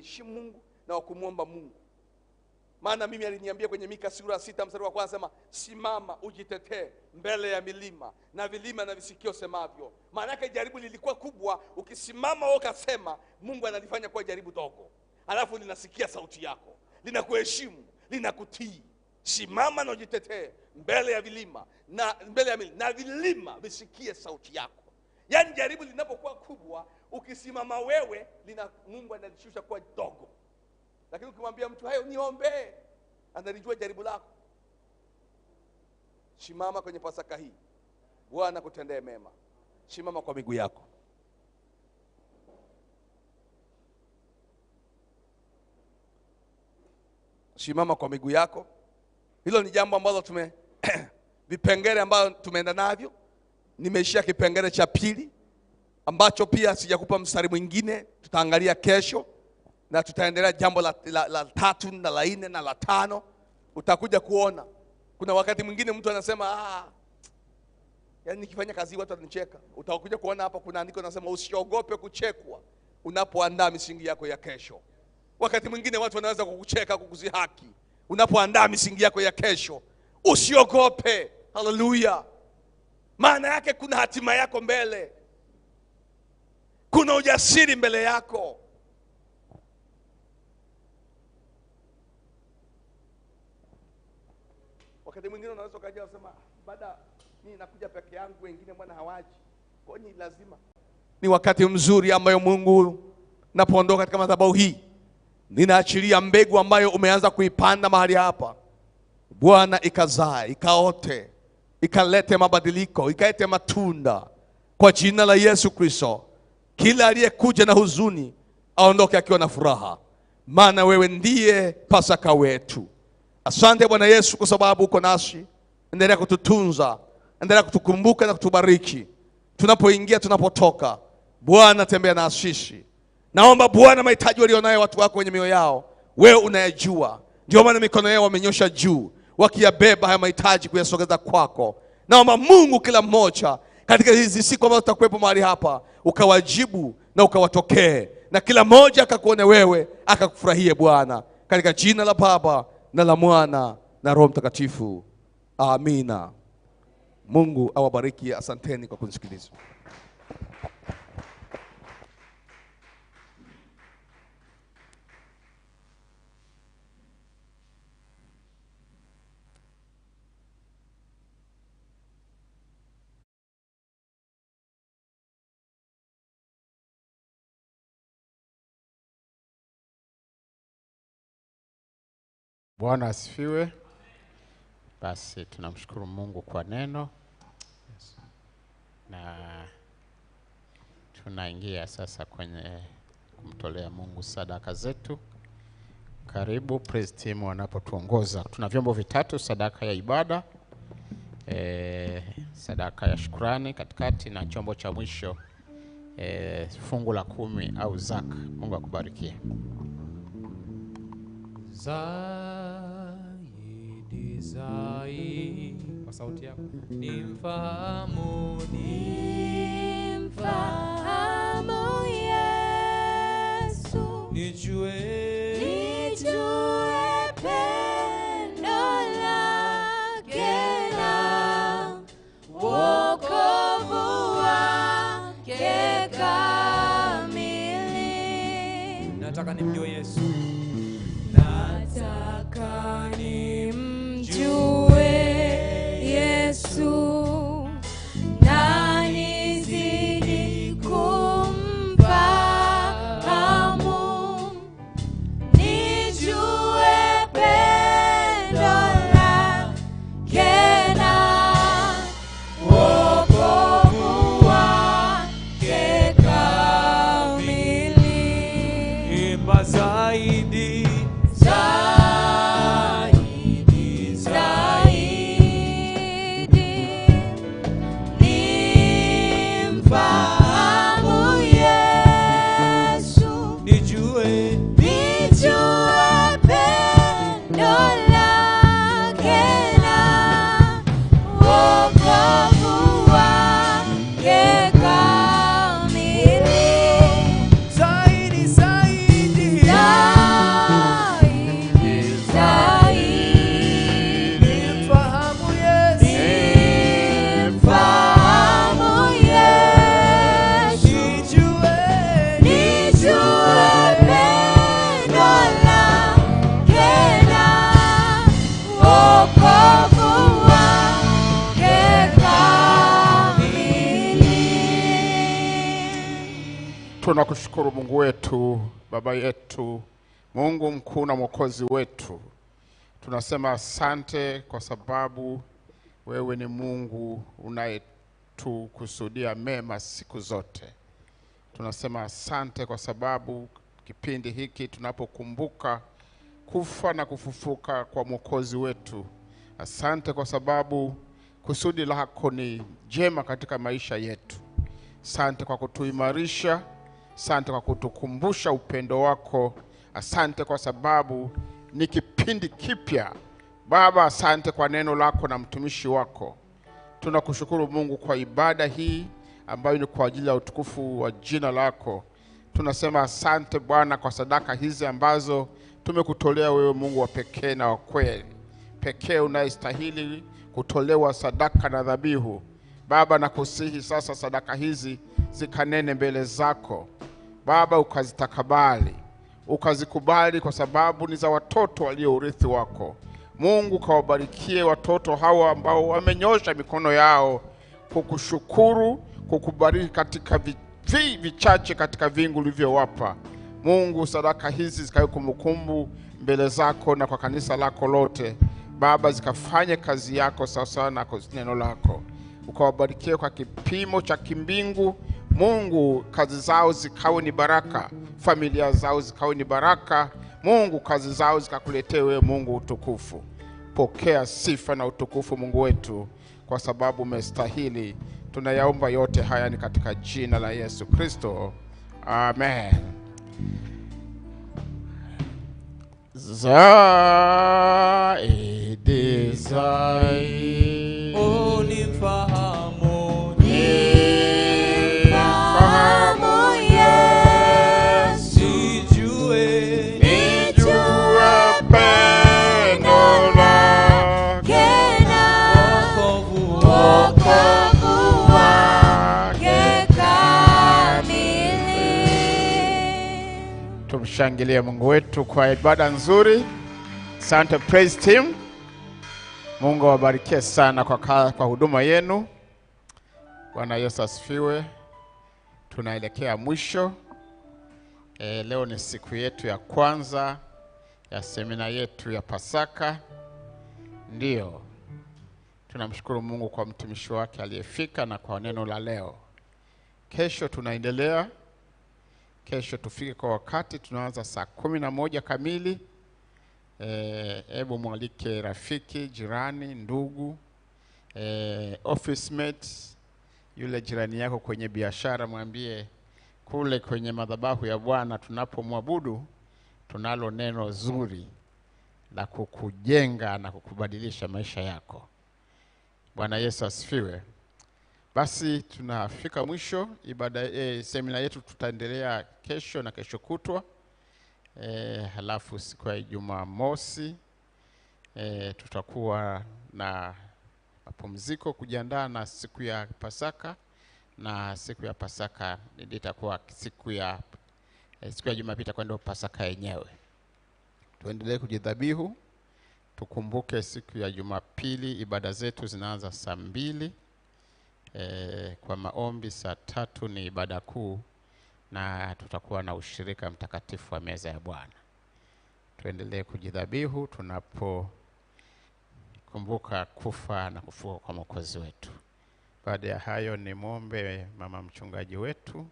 kumheshimu Mungu na wa kumwomba Mungu. Maana mimi aliniambia kwenye Mika sura sita mstari wa kwanza sema, simama ujitetee mbele ya milima na vilima na visikio semavyo. Maana yake jaribu lilikuwa kubwa, ukisimama wewe ukasema, Mungu analifanya kuwa jaribu dogo, alafu linasikia sauti yako, linakuheshimu, linakutii. Simama na ujitetee mbele ya vilima na mbele ya milima na vilima visikie sauti yako yaani jaribu linapokuwa kubwa ukisimama wewe lina mungu analishusha kuwa dogo lakini ukimwambia mtu hayo niombee analijua jaribu lako simama kwenye pasaka hii bwana kutendee mema simama kwa miguu yako simama kwa miguu yako hilo ni jambo ambalo tume vipengele ambayo tumeenda navyo nimeishia kipengele cha pili ambacho pia sijakupa mstari mwingine, tutaangalia kesho na tutaendelea jambo la, la, la tatu na la nne na la tano. Utakuja kuona kuna wakati mwingine mtu anasema ah, yani nikifanya kazi watu watanicheka. Utakuja kuona hapa kuna andiko linasema usiogope kuchekwa unapoandaa misingi yako ya kesho. Wakati mwingine watu wanaweza kukucheka, kukuzihaki. Unapoandaa misingi yako ya kesho, usiogope. Haleluya! maana yake kuna hatima yako mbele, kuna ujasiri mbele yako. Wakati mwingine unaweza ukaja usema, baada mimi nakuja peke yangu, wengine bwana hawaji, kwa ni lazima ni wakati mzuri ambayo Mungu napoondoka katika madhabahu hii, ninaachilia mbegu ambayo umeanza kuipanda mahali hapa, Bwana ikazaa ikaote ikalete mabadiliko, ikalete matunda kwa jina la Yesu Kristo. Kila aliyekuja na huzuni aondoke akiwa na furaha, maana wewe ndiye Pasaka wetu. Asante Bwana Yesu kwa sababu uko nasi. Endelea kututunza, endelea kutukumbuka na kutubariki tunapoingia, tunapotoka. Bwana tembea na sisi. Naomba Bwana, mahitaji walionayo watu wako wenye mioyo yao wewe unayajua, ndio maana mikono yao wamenyosha juu wakiyabeba haya mahitaji kuyasogeza kwako. Naomba Mungu, kila mmoja katika hizi siku ambazo tutakuwepo mahali hapa, ukawajibu na ukawatokee, na kila mmoja akakuone wewe, akakufurahie Bwana, katika jina la Baba na la Mwana na Roho Mtakatifu, amina. Mungu awabariki. Asanteni kwa kunisikiliza. Bwana asifiwe. Basi tunamshukuru Mungu kwa neno yes, na tunaingia sasa kwenye kumtolea Mungu sadaka zetu. Karibu praise team wanapotuongoza. Tuna vyombo vitatu: sadaka ya ibada e, sadaka ya shukrani katikati, na chombo cha mwisho e, fungu la kumi au zaka. Mungu zaka. Isai kwa sauti yako ni mfahamu ni mfahamu Yesu nijue nijue pendo lake na wokovu wake kamili nataka nimjue Yesu Tunakushukuru Mungu wetu, Baba yetu, Mungu mkuu na mwokozi wetu, tunasema asante kwa sababu wewe ni Mungu unayetukusudia mema siku zote. Tunasema asante kwa sababu kipindi hiki tunapokumbuka kufa na kufufuka kwa mwokozi wetu, asante kwa sababu kusudi lako ni jema katika maisha yetu. sante kwa kutuimarisha Asante kwa kutukumbusha upendo wako. Asante kwa sababu ni kipindi kipya Baba. Asante kwa neno lako na mtumishi wako. Tunakushukuru Mungu kwa ibada hii ambayo ni kwa ajili ya utukufu wa jina lako. Tunasema asante Bwana kwa sadaka hizi ambazo tumekutolea wewe, Mungu wa pekee na wa kweli, pekee unayestahili kutolewa sadaka na dhabihu. Baba, nakusihi sasa sadaka hizi zikanene mbele zako Baba, ukazitakabali ukazikubali, kwa sababu ni za watoto walio urithi wako. Mungu kawabarikie watoto hawa ambao wamenyosha mikono yao kukushukuru, kukubariki katika vi, vichache katika vingu ulivyowapa. Mungu, sadaka hizi zikawe kumbukumbu mbele zako na kwa kanisa lako lote. Baba, zikafanye kazi yako sawasawa na neno lako, ukawabarikie kwa kipimo cha kimbingu Mungu kazi zao zikawe ni baraka, familia zao zikawe ni baraka. Mungu kazi zao zikakuletee wewe Mungu utukufu. Pokea sifa na utukufu Mungu wetu, kwa sababu umestahili. Tunayaomba yote haya ni katika jina la Yesu Kristo, amen. Zaidi zaidi, unifahamu oh, Tumshangilie Mungu wetu kwa ibada nzuri. Sante praise team. Mungu awabarikie sana kwa, ka, kwa huduma yenu. Bwana Yesu asifiwe. Tunaelekea mwisho. E, leo ni siku yetu ya kwanza ya semina yetu ya Pasaka. Ndiyo, tunamshukuru Mungu kwa mtumishi wake aliyefika na kwa neno la leo. Kesho tunaendelea kesho tufike kwa wakati, tunaanza saa kumi na moja kamili. Eh, hebu e, mwalike rafiki, jirani, ndugu, e, office mate, yule jirani yako kwenye biashara, mwambie kule kwenye madhabahu ya Bwana tunapomwabudu tunalo neno zuri la kukujenga na kukubadilisha maisha yako. Bwana Yesu asifiwe. Basi tunafika mwisho ibada e, eh, semina yetu tutaendelea kesho na kesho kutwa e, halafu siku ya Jumamosi e, tutakuwa na mapumziko kujiandaa na siku ya Pasaka na siku ya Pasaka itakuwa siku ya e, siku ya Jumapili itakuwa ndio Pasaka yenyewe. Tuendelee kujidhabihu, tukumbuke siku ya Jumapili ibada zetu zinaanza saa mbili e, kwa maombi saa tatu ni ibada kuu na tutakuwa na ushirika mtakatifu wa meza ya Bwana. Tuendelee kujidhabihu tunapokumbuka kufa na kufuka kwa Mwokozi wetu. Baada ya hayo, ni mwombe mama mchungaji wetu.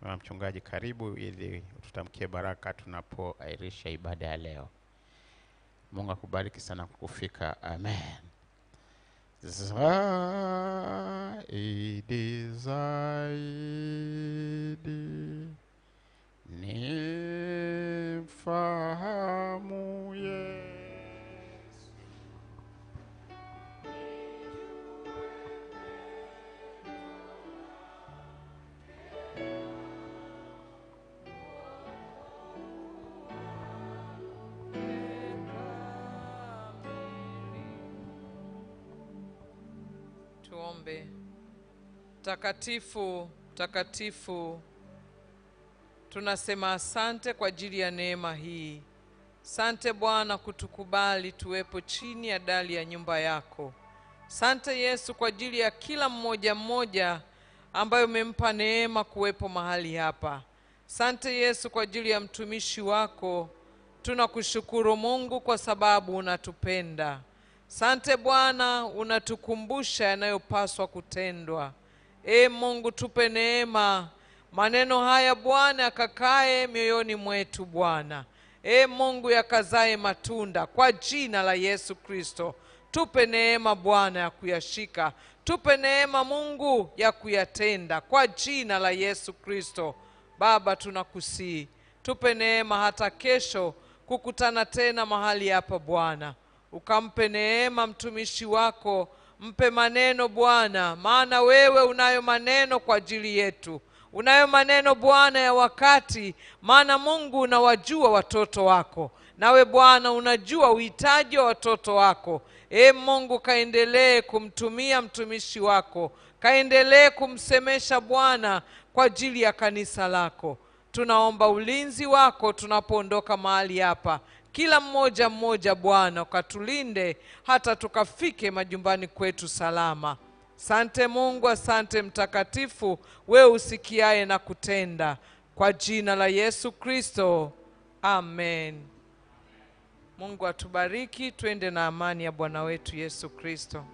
Mama mchungaji, karibu ili tutamkie baraka tunapoairisha ibada ya leo. Mungu akubariki sana kwa kufika. Amen. Zaidi, zaidi, nifahamu Tuombe. Takatifu, takatifu, tunasema asante kwa ajili ya neema hii. Sante Bwana kutukubali tuwepo chini ya dali ya nyumba yako. Sante Yesu kwa ajili ya kila mmoja mmoja ambaye umempa neema kuwepo mahali hapa. Sante Yesu kwa ajili ya mtumishi wako. Tunakushukuru Mungu kwa sababu unatupenda. Sante Bwana, unatukumbusha yanayopaswa kutendwa. e Mungu, tupe neema maneno haya Bwana yakakae mioyoni mwetu Bwana. e Mungu, yakazae matunda kwa jina la Yesu Kristo. Tupe neema Bwana ya kuyashika, tupe neema Mungu ya kuyatenda kwa jina la Yesu Kristo. Baba, tunakusii tupe neema hata kesho kukutana tena mahali hapa Bwana ukampe neema mtumishi wako. Mpe maneno Bwana, maana wewe unayo maneno kwa ajili yetu. Unayo maneno Bwana ya wakati, maana Mungu unawajua watoto wako, nawe Bwana unajua uhitaji wa watoto wako. E Mungu, kaendelee kumtumia mtumishi wako, kaendelee kumsemesha Bwana kwa ajili ya kanisa lako. Tunaomba ulinzi wako tunapoondoka mahali hapa kila mmoja mmoja, Bwana ukatulinde hata tukafike majumbani kwetu salama. Sante Mungu, asante Mtakatifu, wewe usikiaye na kutenda, kwa jina la Yesu Kristo, amen. Mungu atubariki, twende na amani ya Bwana wetu Yesu Kristo.